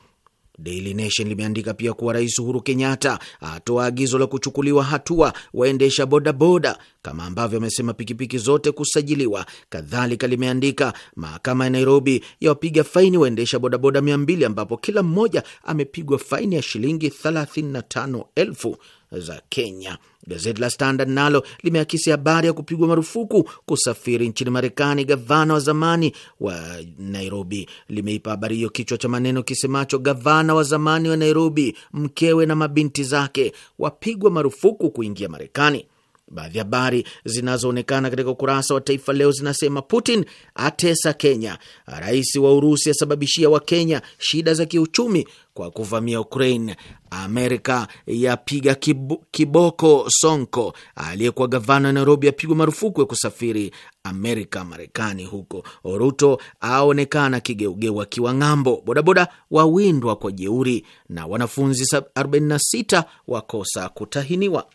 [SPEAKER 2] Daily Nation limeandika pia kuwa Rais Uhuru Kenyatta atoa agizo la kuchukuliwa hatua waendesha bodaboda, kama ambavyo amesema pikipiki zote kusajiliwa. Kadhalika limeandika mahakama ya Nairobi yawapiga faini waendesha bodaboda mia mbili ambapo kila mmoja amepigwa faini ya shilingi elfu thelathini na tano za Kenya. Gazeti la Standard nalo limeakisi habari ya kupigwa marufuku kusafiri nchini Marekani gavana wa zamani wa Nairobi. Limeipa habari hiyo kichwa cha maneno kisemacho, gavana wa zamani wa Nairobi, mkewe na mabinti zake wapigwa marufuku kuingia Marekani. Baadhi ya habari zinazoonekana katika ukurasa wa Taifa Leo zinasema Putin atesa Kenya, rais wa Urusi asababishia Wakenya shida za kiuchumi kwa kuvamia Ukraine, Amerika yapiga kiboko Sonko aliyekuwa gavana Nairobi apigwa marufuku ya kusafiri Amerika, Marekani huko, Ruto aonekana kigeugeu akiwa ng'ambo, bodaboda wawindwa kwa jeuri, na wanafunzi 46 wakosa kutahiniwa.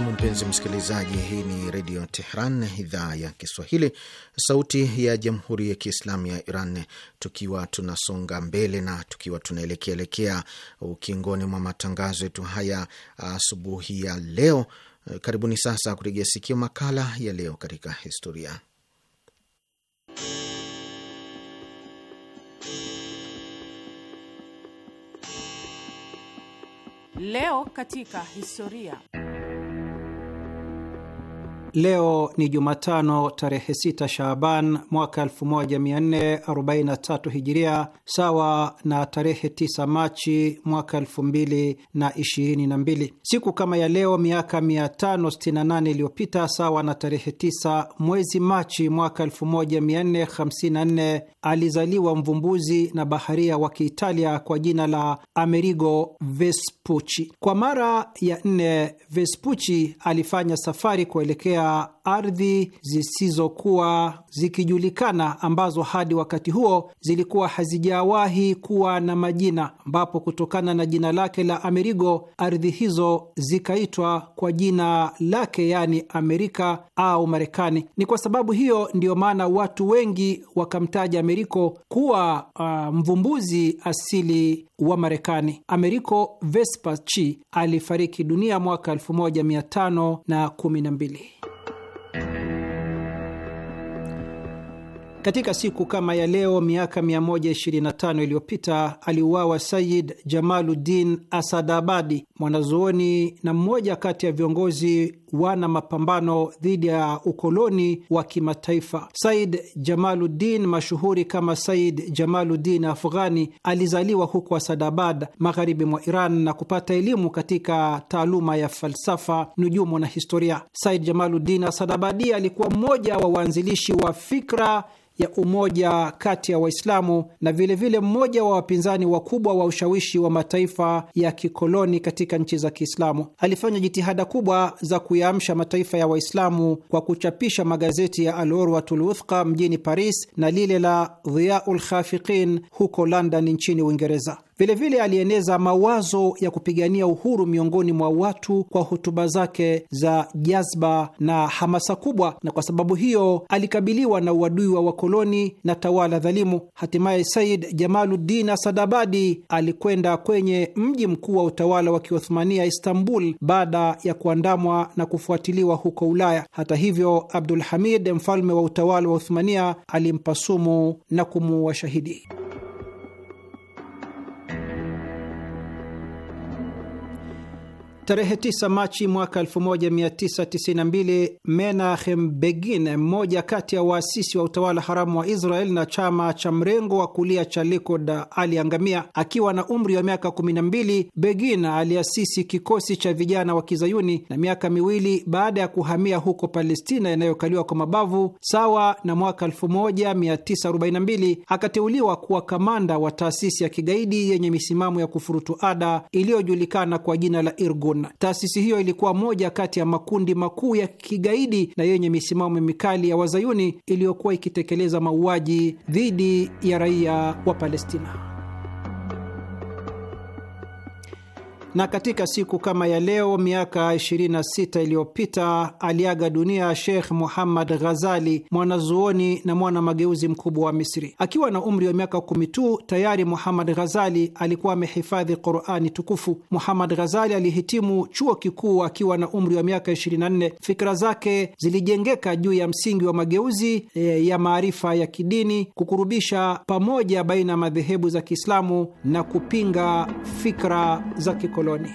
[SPEAKER 2] Nam, mpenzi msikilizaji, hii ni Redio Tehran, idhaa ya Kiswahili, sauti ya Jamhuri ya Kiislamu ya Iran. Tukiwa tunasonga mbele na tukiwa tunaelekeaelekea ukingoni mwa matangazo yetu haya asubuhi ya leo, karibuni sasa kutegea sikio makala ya leo katika historia.
[SPEAKER 6] Leo katika historia
[SPEAKER 5] Leo ni Jumatano tarehe 6 Shaaban mwaka 1443 Hijiria, sawa na tarehe 9 Machi mwaka 2022. Siku kama ya leo miaka 568 iliyopita, sawa na tarehe 9 mwezi Machi mwaka 1454, alizaliwa mvumbuzi na baharia wa Kiitalia kwa jina la Amerigo Vespucci. Kwa mara ya nne, Vespucci alifanya safari kuelekea ardhi zisizokuwa zikijulikana ambazo hadi wakati huo zilikuwa hazijawahi kuwa na majina, ambapo kutokana na jina lake la Amerigo ardhi hizo zikaitwa kwa jina lake, yaani Amerika au Marekani. Ni kwa sababu hiyo ndiyo maana watu wengi wakamtaja Ameriko kuwa uh, mvumbuzi asili wa Marekani. Ameriko Vespucci alifariki dunia mwaka 1512. Katika siku kama ya leo miaka 125 iliyopita aliuawa Sayid Jamaluddin Asadabadi, mwanazuoni na mmoja kati ya viongozi wana mapambano dhidi ya ukoloni wa kimataifa. Said Jamaluddin, mashuhuri kama Said Jamaluddin Afghani, alizaliwa huko Asadabad, magharibi mwa Iran, na kupata elimu katika taaluma ya falsafa, nujumu na historia. Said Jamaluddin Asadabadi alikuwa mmoja wa waanzilishi wa fikra ya umoja kati ya Waislamu na vilevile vile mmoja wa wapinzani wakubwa wa ushawishi wa mataifa ya kikoloni katika nchi za Kiislamu. Alifanya jitihada kubwa za ku kuyaamsha mataifa ya Waislamu kwa kuchapisha magazeti ya Al Urwatul Wuthqa mjini Paris na lile la Dhiaul Khafiqin huko London nchini Uingereza. Vilevile alieneza mawazo ya kupigania uhuru miongoni mwa watu kwa hotuba zake za jazba na hamasa kubwa, na kwa sababu hiyo alikabiliwa na uadui wa wakoloni na tawala dhalimu. Hatimaye Said Jamaluddin Asadabadi alikwenda kwenye mji mkuu wa utawala wa Kiothmania, Istanbul, baada ya kuandamwa na kufuatiliwa huko Ulaya. Hata hivyo, Abdul Hamid, mfalme wa utawala wa Uthmania, alimpa sumu na kumuua shahidi. Tarehe 9 Machi mwaka 1992 Menachem Begin, mmoja kati ya waasisi wa utawala haramu wa Israel na chama cha mrengo wa kulia cha Likud, aliangamia akiwa na umri wa miaka 12. Begin aliasisi kikosi cha vijana wa Kizayuni, na miaka miwili baada ya kuhamia huko Palestina inayokaliwa kwa mabavu sawa na mwaka 1942, akateuliwa kuwa kamanda wa taasisi ya kigaidi yenye misimamo ya kufurutu ada iliyojulikana kwa jina la Irgun. Sunna. Taasisi hiyo ilikuwa moja kati ya makundi makuu ya kigaidi na yenye misimamo mikali ya Wazayuni iliyokuwa ikitekeleza mauaji dhidi ya raia wa Palestina. na katika siku kama ya leo miaka 26 iliyopita aliaga dunia Sheikh Muhammad Ghazali, mwanazuoni na mwana mageuzi mkubwa wa Misri. Akiwa na umri wa miaka kumi tu, tayari Muhammad Ghazali alikuwa amehifadhi Qurani tukufu. Muhammad Ghazali alihitimu chuo kikuu akiwa na umri wa miaka 24. Fikra zake zilijengeka juu ya msingi wa mageuzi e, ya maarifa ya kidini, kukurubisha pamoja baina ya madhehebu za Kiislamu na kupinga fikra za kikoloni.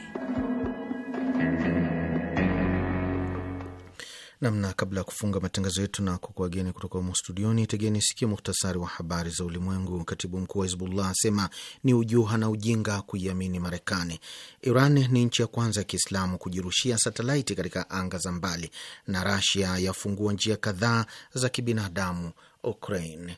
[SPEAKER 2] Namna kabla ya kufunga matangazo yetu na kukuageni kutoka humo studioni, tegeni sikia muhtasari wa habari za ulimwengu. Katibu mkuu wa Hizbullah asema ni ujuha na ujinga kuiamini Marekani. Iran ni nchi ya kwanza ya Kiislamu kujirushia satelaiti katika anga za mbali, na Rasia yafungua njia kadhaa za kibinadamu Ukraine.